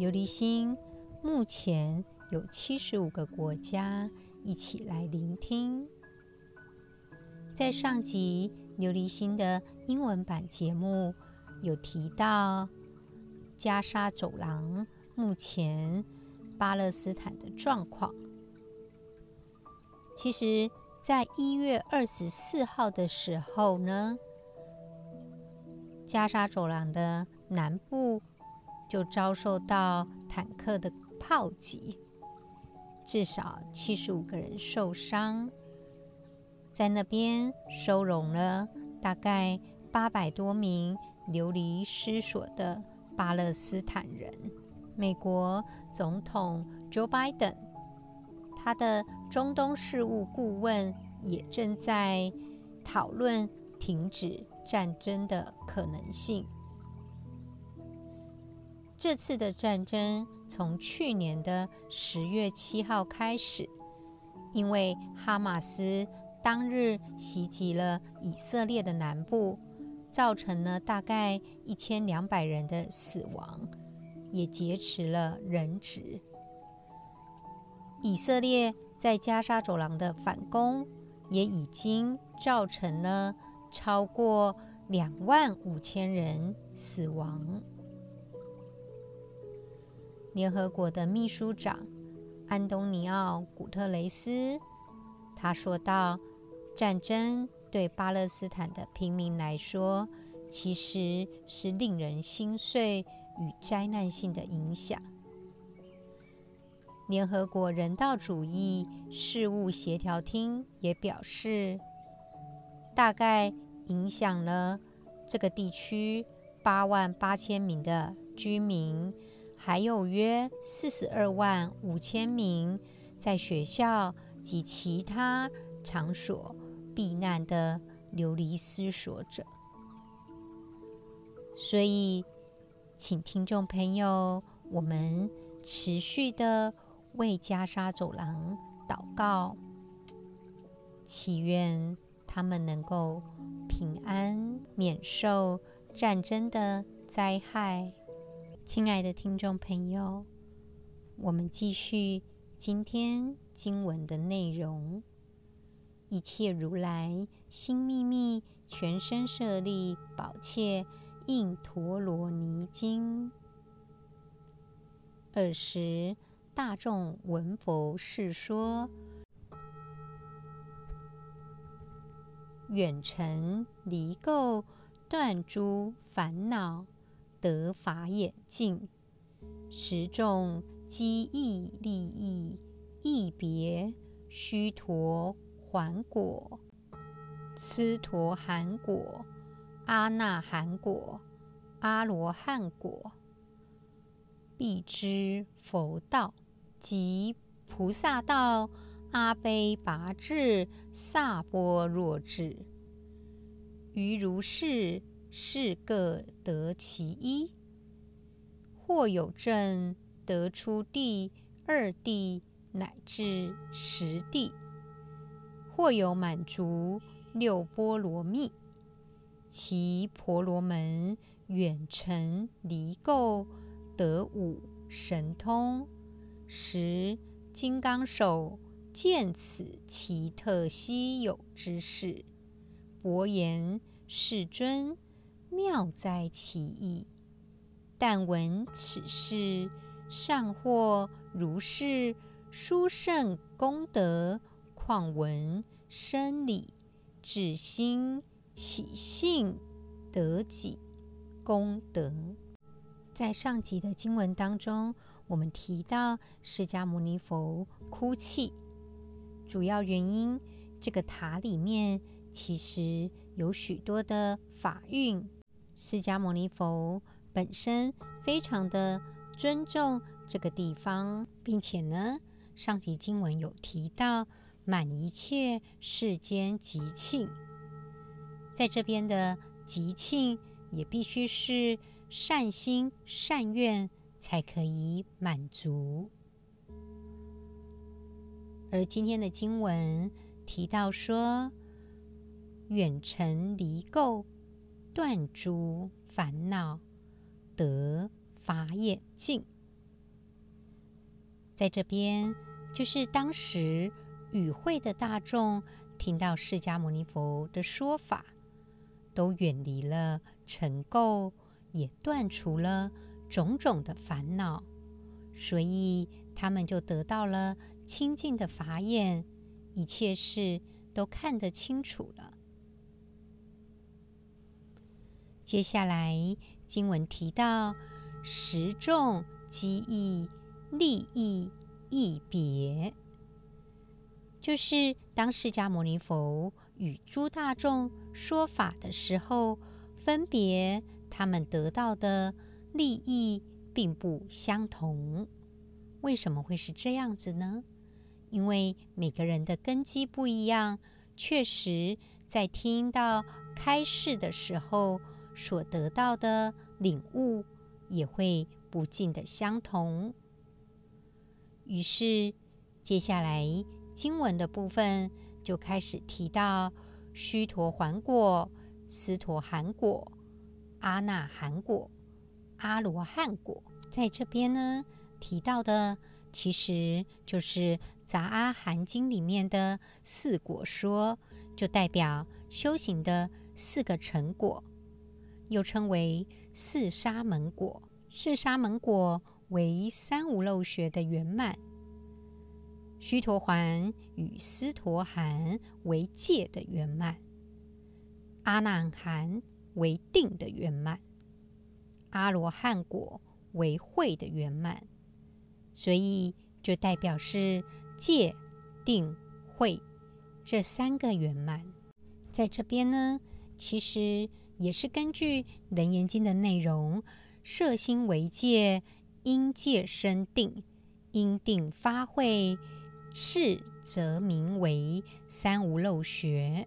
琉璃心目前有七十五個國家一起來聆聽。在上集琉璃心的英文版節目有提到加沙走廊目前巴勒斯坦的狀況。其實，在一月二十四號的時候呢，加沙走廊的南部。就遭受到坦克的炮擊，至少七十五個人受傷。在那邊收容了大概八百多名流離失所的巴勒斯坦人。美國總統 Joe Biden，他的中東事務顧問也正在討論停止戰爭的可能性。這次的戰爭從去年的十月七號開始，因為哈馬斯當日襲擊了以色列的南部，造成了大概一千兩百人的死亡，也劫持了人質。以色列在加沙走廊的反攻也已經造成了超過兩萬五千人死亡。聯合國的秘書長安東尼奧·古特雷斯，他說道：“戰爭對巴勒斯坦的平民來說，其實是令人心碎與災難性的影響。”聯合國人道主義事務協調廳也表示，大概影響了這個地區八萬八千名的居民。還有約四十二萬五千名在學校及其他場所避難的流離失所者。所以，請聽眾朋友，我們持續地為加沙走廊禱告，祈願他們能夠平安，免受戰爭的災害。親愛的聽眾朋友，我們繼續今天經文的內容。一切如來心秘密全身舍利寶篋印陀羅尼經。爾時，大眾聞佛是說，遠塵離垢，斷諸煩惱。得法眼淨，十眾積益利益，一別須陀洹果、斯陀含果、阿那含果、阿羅漢果，辟支佛道及菩薩道、阿鞞跋致、薩波若智，於如是。是各得其一，或有證得出第二地乃至十地，或有滿足六波羅蜜，其婆羅門遠塵離垢，得五神通，十金剛手見此奇特稀有之事，薄言世尊。妙哉其意！但聞此是善或如是。殊勝功德，況聞生理至心起性得己功德？在上集的經文當中，我們提到釋迦牟尼佛哭泣，主要原因，這個塔裡面其實有許多的法蘊。釋迦牟尼佛本身非常的尊重這個地方，並且呢，上集經文有提到，滿一切世間吉慶，在這邊的吉慶也必須是善心善願才可以滿足。而今天的經文提到說，遠塵離垢。斷諸煩惱，得法眼淨。在這邊，就是當時與會的大眾聽到釋迦牟尼佛的說法，都遠離了塵垢，也斷除了種種的煩惱，所以他們就得到了清淨的法眼，一切事都看得清楚了。接下來經文提到時眾機異，利益亦別，就是當釋迦牟尼佛與諸大眾說法的時候，分別他們得到的利益並不相同。為什麼會是這樣子呢？因為每個人的根基不一樣。確實，在聽到開示的時候，所得到的領悟也會不盡的相同。於是，接下來經文的部分就開始提到須陀洹果、斯陀含果、阿那含果、阿羅漢果。在這邊呢，提到的其實就是《雜阿含經》裡面的四果說，就代表修行的四個成果。又稱為四沙門果，四沙門果為三無漏學的圓滿，須陀洹與斯陀含為戒的圓滿，阿那含為定的圓滿，阿羅漢果為慧的圓滿，所以就代表是戒、定、慧這三個圓滿，在這邊呢，其實。.也是根據《楞嚴經》的內容，攝心為戒，應戒生定，應定發慧，是則名為三無漏學。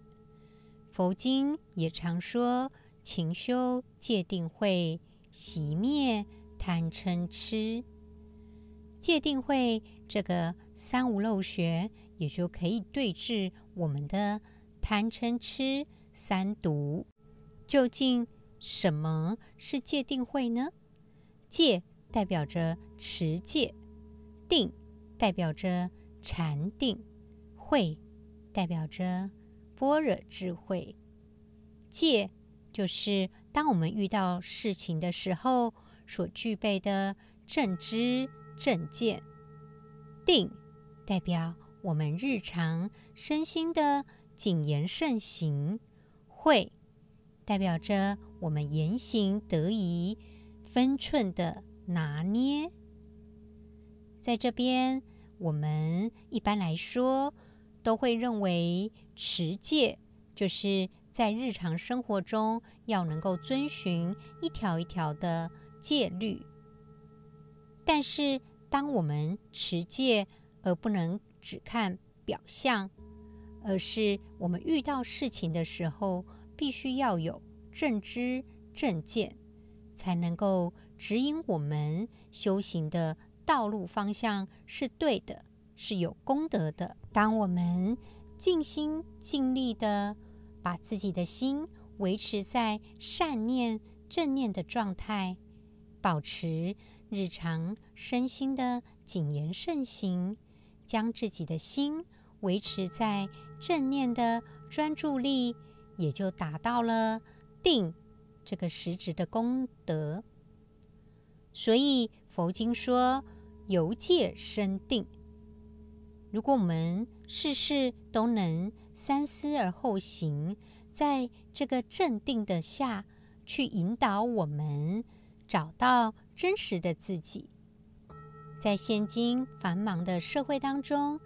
佛經也常說勤修戒定慧，息滅貪嗔痴，痴。戒定慧這個三無漏學，也就可以對治我們的貪嗔痴三毒。究竟什麼是戒定慧呢？戒代表着持戒，定代表着禪定，慧代表着般若智慧。戒就是當我們遇到事情的時候所具備的正知正見。定代表我們日常身心的謹言慎行。慧，代表着我們言行得宜，分寸的拿捏。在這邊我們一般來說都會認為持戒就是在日常生活中要能夠遵循一條一條的戒律，但是當我們持戒，而不能只看表象，而是我們遇到事情的時候，必須要有正知正見，才能夠指引我們修行的道路方向是對的，是有功德的。當我們盡心盡力的把自己的心維持在善念正念的狀態，保持日常身心的謹言慎行，將自己的心維持在正念的專注力。也就達到了定這個實質的功德，所以佛經說由戒生定。如果我們事事都能三思而後行，在這個鎮定的下去引導我們找到真實的自己，在現今繁忙的社會當中，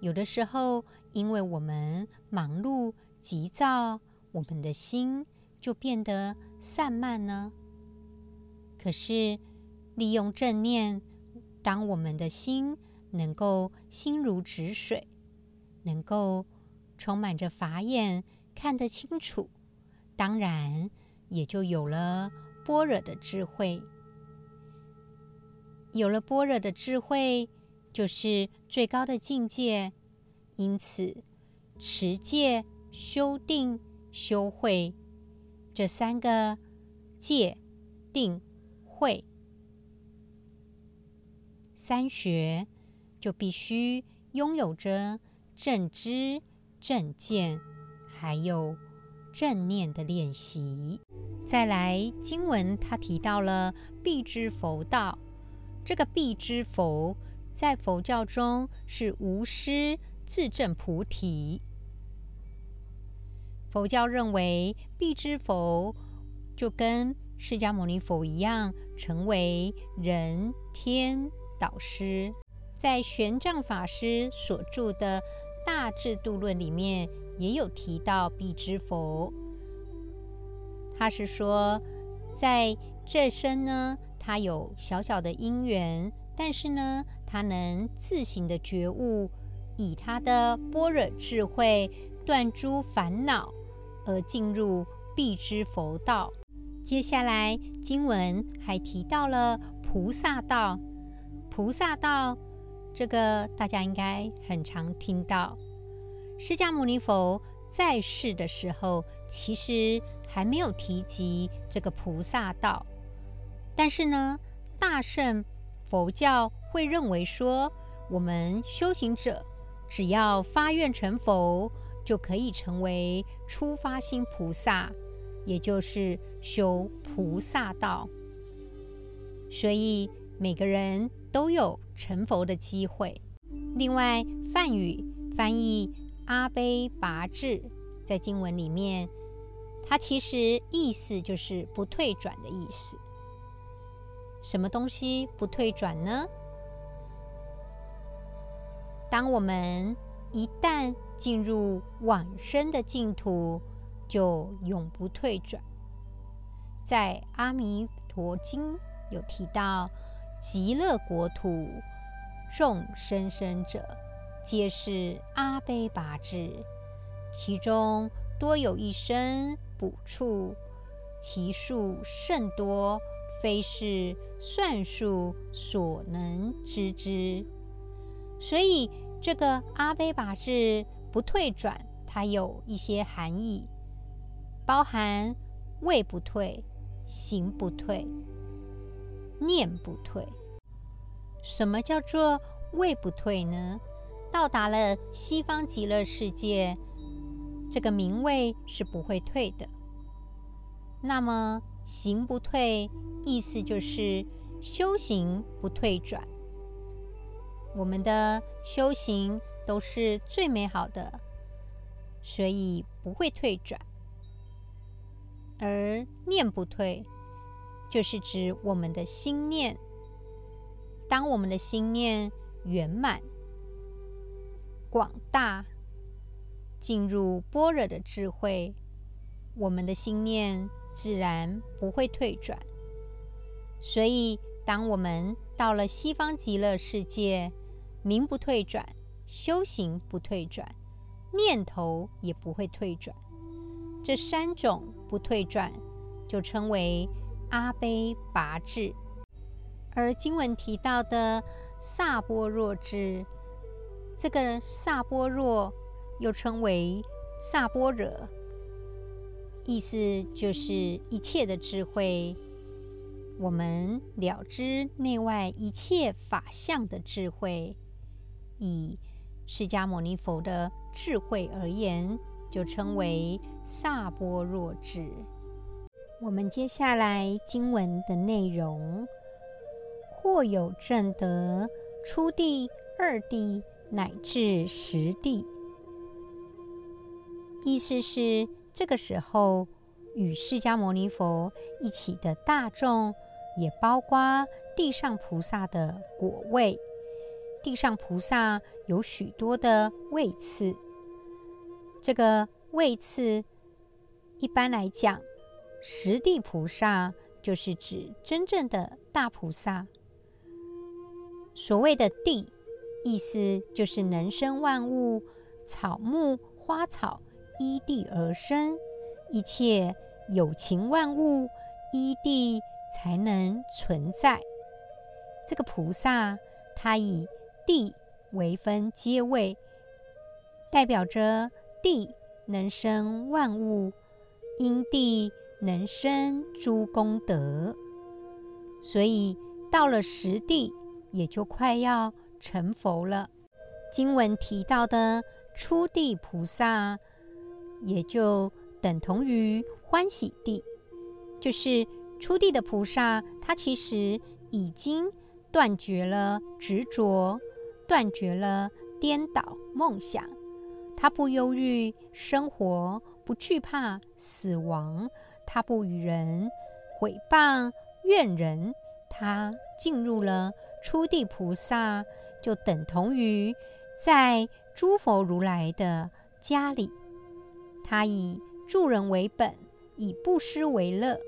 有的時候因為我們忙碌急躁，我們的心就變得散漫呢。可是利用正念，當我們的心能夠心如止水，能夠充滿着法眼看得清楚，當然也就有了般若的智慧。有了般若的智慧，就是最高的境界。因此，持戒、修定。修慧，這三個戒、定、慧三學，就必須擁有着正知、正見，還有正念的練習。再來，經文它提到了“辟支佛道”，這個“辟支佛”在佛教中是無師自證菩提。佛教認為，辟支佛就跟釋迦牟尼佛一樣，成為人天導師。在玄奘法師所著的《大智度論》裡面，也有提到辟支佛。他是說，在這生呢，他有小小的因緣，但是呢，他能自行的覺悟，以他的般若智慧斷諸煩惱。而進入辟支佛道。接下來經文還提到了菩薩道。菩薩道，這個大家應該很常聽到。釋迦牟尼佛在世的時候，其實還沒有提及這個菩薩道。但是呢，大乘佛教會認為說，我們修行者只要發願成佛。就可以成為初發心菩薩，也就是修菩薩道。所以每個人都有成佛的機會。另外，梵語翻譯阿鞞跋致，在經文裡面，它其實意思就是不退轉的意思。什麼東西不退轉呢？當我們一旦進入往生的淨土，就永不退轉。在《阿彌陀經》有提到，極樂國土眾生生者，皆是阿鞞跋致，其中多有一生補處，其數甚多，非是算數所能知之。所以這個阿鞞跋致。不退轉，它有一些含義，包含位不退、行不退、念不退。什麼叫做位不退呢？到達了西方極樂世界，這個名位是不會退的。那麼行不退，意思就是修行不退轉，我們的修行。都是最美好的，所以不會退轉。而念不退，就是指我們的心念。當我們的心念圓滿、廣大，進入般若的智慧，我們的心念自然不會退轉。所以，當我們到了西方極樂世界，名不退轉。修行不退轉，念頭也不會退轉，這三種不退轉就稱為阿卑拔智。而經文提到的薩波若智，這個薩波若又稱為薩波惹，意思就是一切的智慧，我們了知內外一切法相的智慧，以釋迦牟尼佛的智慧而言，就稱為薩婆若智。嗯、我們接下來經文的內容，或有證得初地、二地乃至十地。意思是，這個時候與釋迦牟尼佛一起的大眾，也包括地上菩薩的果位。地上菩薩有許多的位次，這個位次一般來講，十地菩薩就是指真正的大菩薩。所謂的“地”，意思就是能生萬物，草木花草依地而生，一切有情萬物依地才能存在。這個菩薩，他以地為分階位，代表着地能生萬物，因地能生諸功德，所以到了十地，也就快要成佛了。經文提到的初地菩薩，也就等同於歡喜地，就是初地的菩薩，他其實已經斷絕了執着。斷絕了顛倒夢想，他不憂鬱生活，不懼怕死亡，他不與人誹謗怨人，他進入了初地菩薩，就等同於在諸佛如來的家裡。他以助人為本，以布施為樂，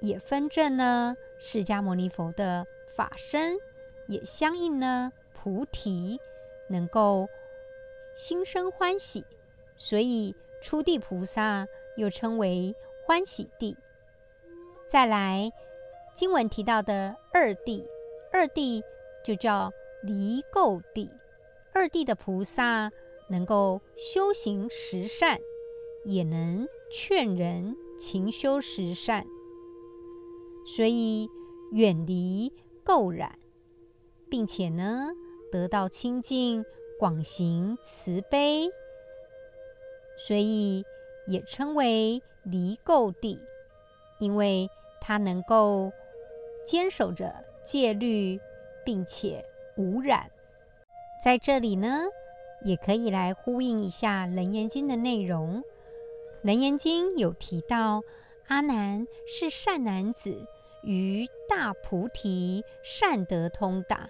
也分證了釋迦牟尼佛的法身。也相應呢，菩提能夠心生歡喜，所以初地菩薩又稱為歡喜地。再來，經文提到的二地，二地就叫離垢地。二地的菩薩能夠修行十善，也能勸人勤修十善，所以遠離垢染。並且呢，得到清淨，廣行慈悲，所以也稱為離垢地，因為他能夠堅守着戒律，並且無染。在這裡呢，也可以來呼應一下《楞嚴經》的內容，《楞嚴經》有提到阿難是善男子，於大菩提善得通達。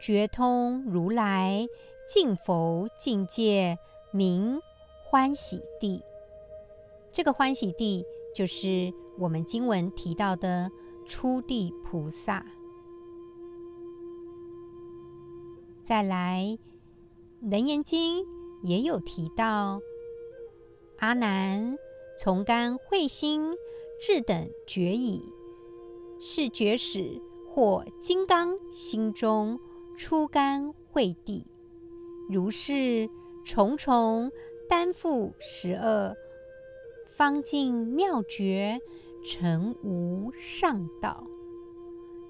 覺通如來淨佛境界，名歡喜地。這個歡喜地就是我們經文提到的初地菩薩。再來，《楞嚴經》也有提到阿難從乾、慧心智等覺已，是覺始或金剛心中。初乾慧地，如是重重單複十二，方盡妙覺成無上道。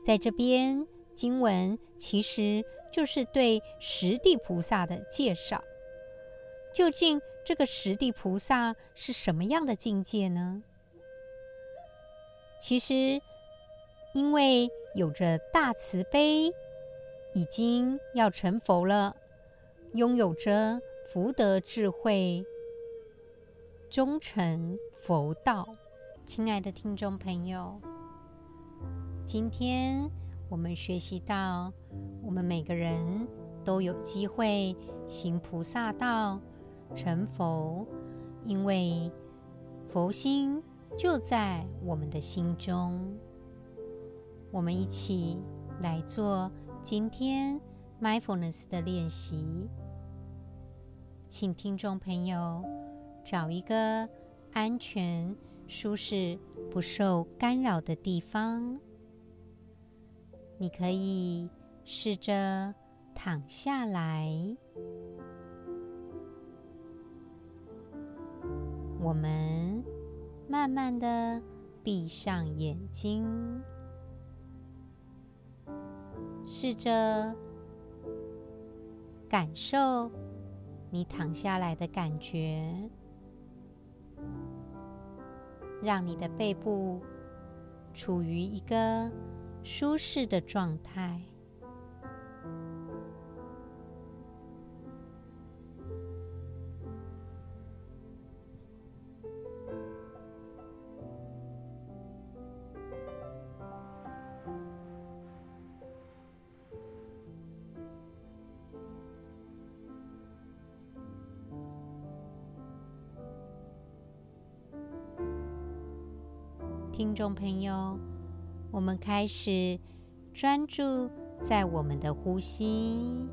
在這邊經文其實就是對十地菩薩的介紹。究竟這個十地菩薩是什麼樣的境界呢？其實，因為有着大慈悲。已經要成佛了，擁有着福德智慧，終成佛道。親愛的聽眾朋友，今天我們學習到，我們每個人都有機會行菩薩道、成佛，因為佛心就在我們的心中。我們一起來做。今天 Mindfulness 的練習，請聽眾朋友找一個安全、舒適、不受干擾的地方。你可以試着躺下來，我們慢慢的閉上眼睛。試着感受你躺下來的感覺，讓你的背部處於一個舒適的狀態。眾朋友，我們開始專注在我們的呼吸，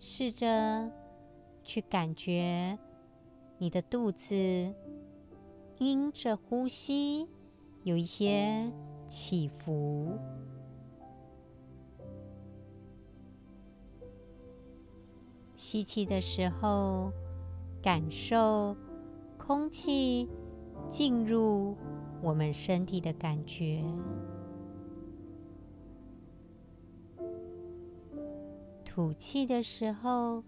試着去感覺。你的肚子因着呼吸有一些起伏，吸氣的時候，感受空氣進入我們身體的感覺；吐氣的時候，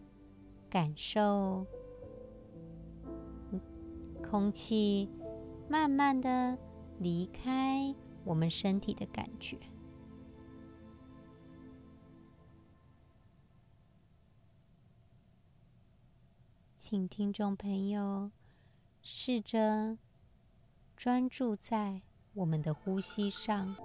感受，空氣慢慢的離開我們身體的感覺，請聽眾朋友試着專注在我們的呼吸上。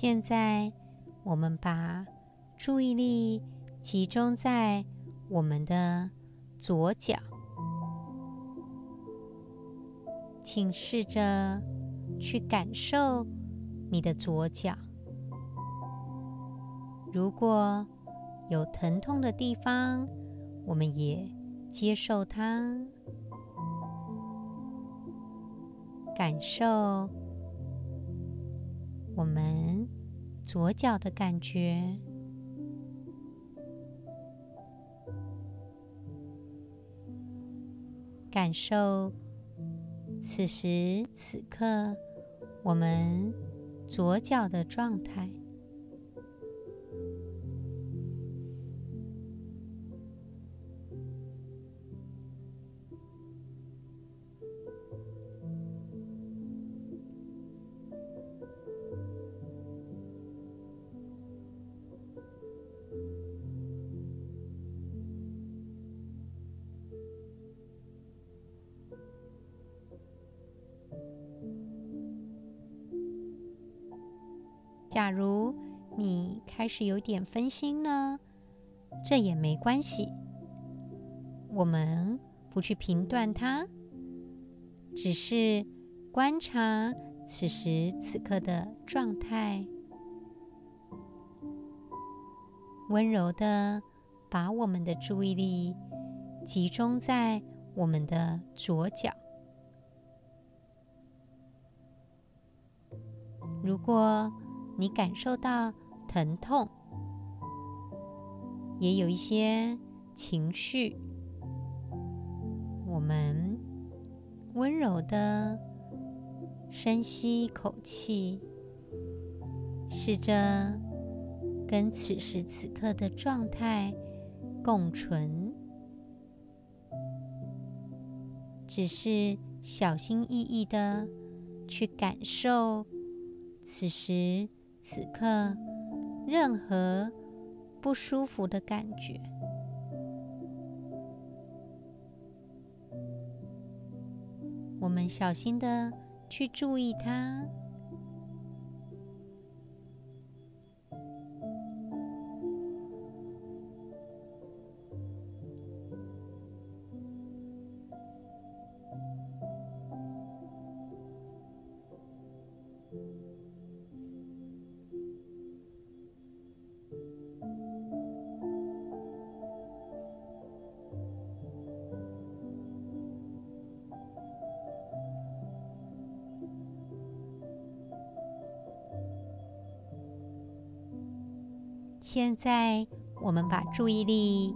現在，我們把注意力集中在我們的左腳，請試着去感受你的左腳。如果有疼痛的地方，我們也接受它，感受我們。左腳的感覺，感受此時此刻我們左腳的狀態。假如你開始有點分心呢，這也沒關係。我們不去評斷它，只是觀察此時此刻的狀態。溫柔的把我們的注意力集中在我們的左腳。如果你感受到疼痛，也有一些情緒。我們溫柔地深吸一口氣，試着跟此時此刻的狀態共存，只是小心翼翼地去感受此時。此刻，任何不舒服的感覺，我們小心的去注意它。現在，我們把注意力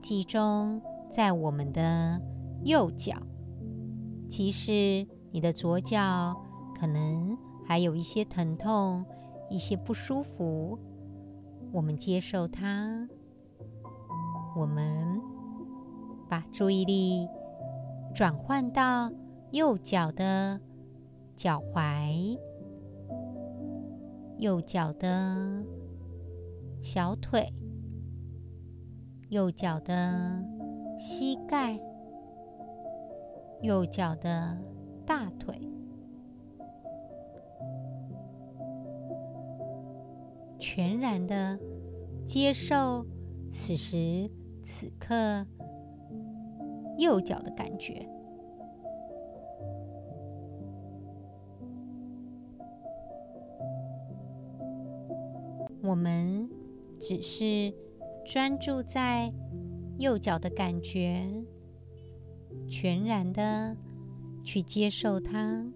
集中在我們的右腳。即使你的左腳可能還有一些疼痛、一些不舒服，我們接受它。我們把注意力轉換到右腳的腳踝、右腳的。小腿、右腳的膝蓋、右腳的大腿，全然的接受此時此刻右腳的感覺。我們。只是專注在右腳的感覺，全然的去接受它。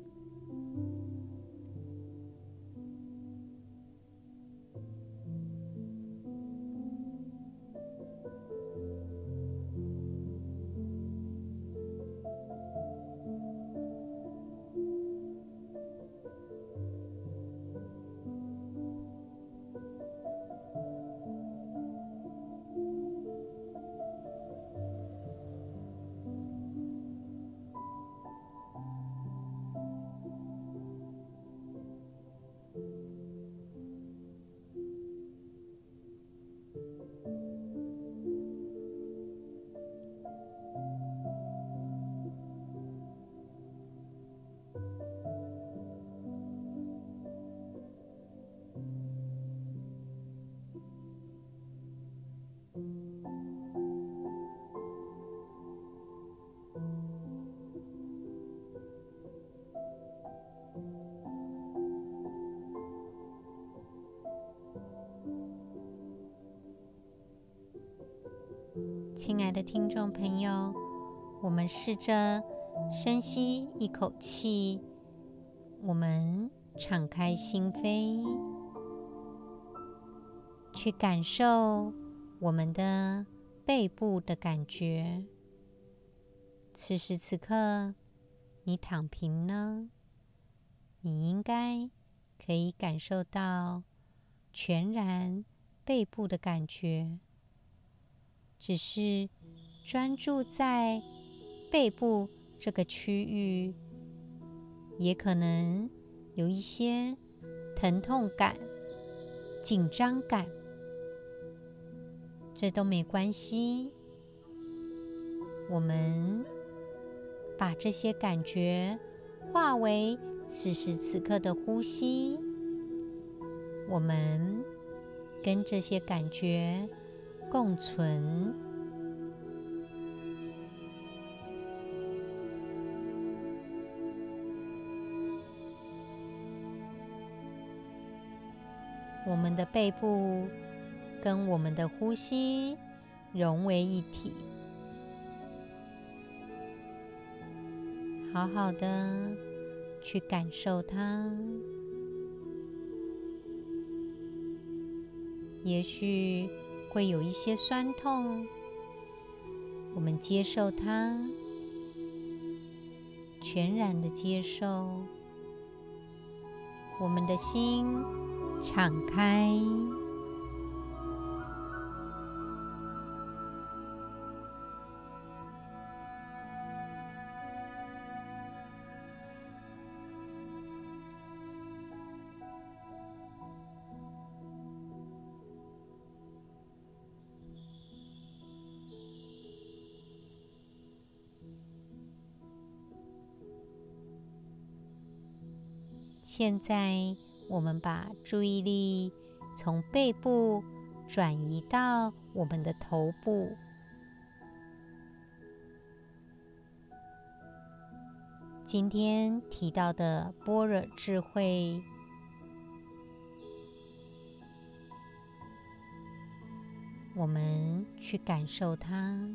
親愛的聽眾朋友，我們試着深吸一口氣，我們敞開心扉，去感受我們的背部的感覺。此時此刻，你躺平呢？你應該可以感受到全然背部的感覺。只是專注在背部這個區域，也可能有一些疼痛感、緊張感，這都沒關係。我們把這些感覺化為此時此刻的呼吸，我們跟這些感覺。共存，我們的背部跟我們的呼吸融為一體，好好的去感受它，也許，會有一些酸痛，我們接受它，全然的接受，我們的心敞開。現在，我們把注意力從背部轉移到我們的頭部。今天提到的般若智慧，我們去感受它。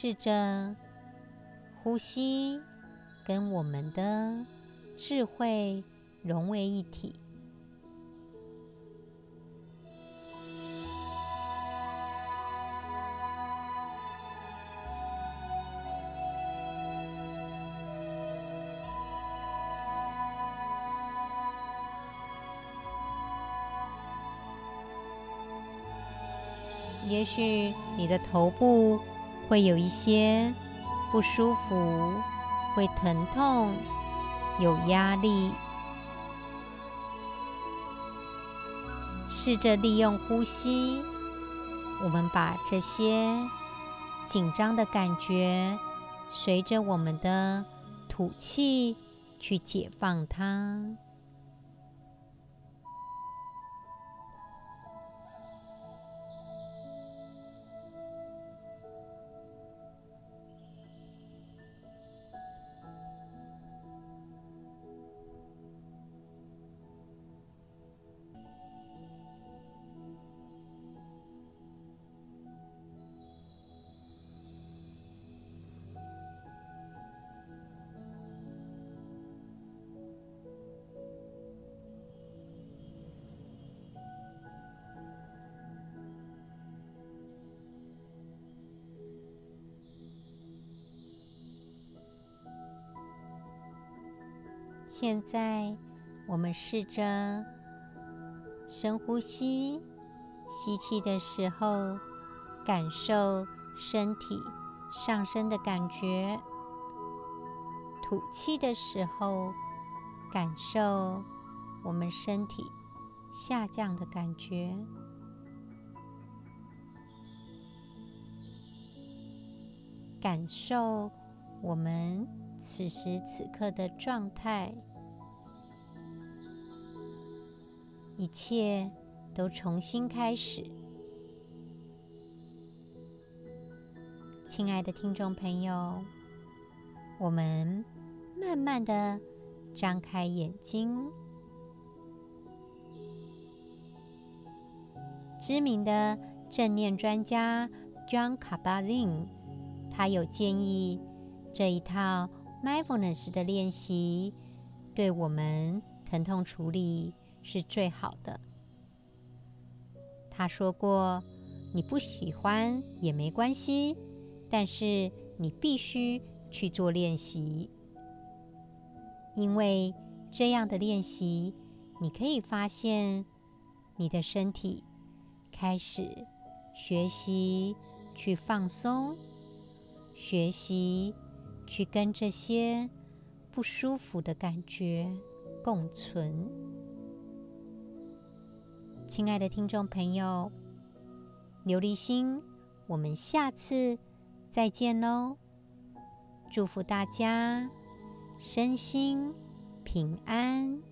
試着呼吸，跟我們的智慧融為一體。也許你的頭部。會有一些不舒服，會疼痛，有壓力。試着利用呼吸，我們把這些緊張的感覺，隨着我們的吐氣去解放它。現在，我們試着深呼吸。吸氣的時候，感受身體上升的感覺；吐氣的時候，感受我們身體下降的感覺。感受我們此時此刻的狀態。一切都重新開始，親愛的聽眾朋友，我們慢慢的張開眼睛。知名的正念專家 John Kabat-Zinn，他有建議這一套 Mindfulness 的練習，對我們疼痛處理，是最好的。他說過：“你不喜歡也沒關係，但是你必須去做練習。因為這樣的練習，你可以發現你的身體開始學習去放鬆，學習去跟這些不舒服的感覺共存。”親愛的聽眾朋友，琉璃心，我們下次再見嘍！祝福大家身心平安。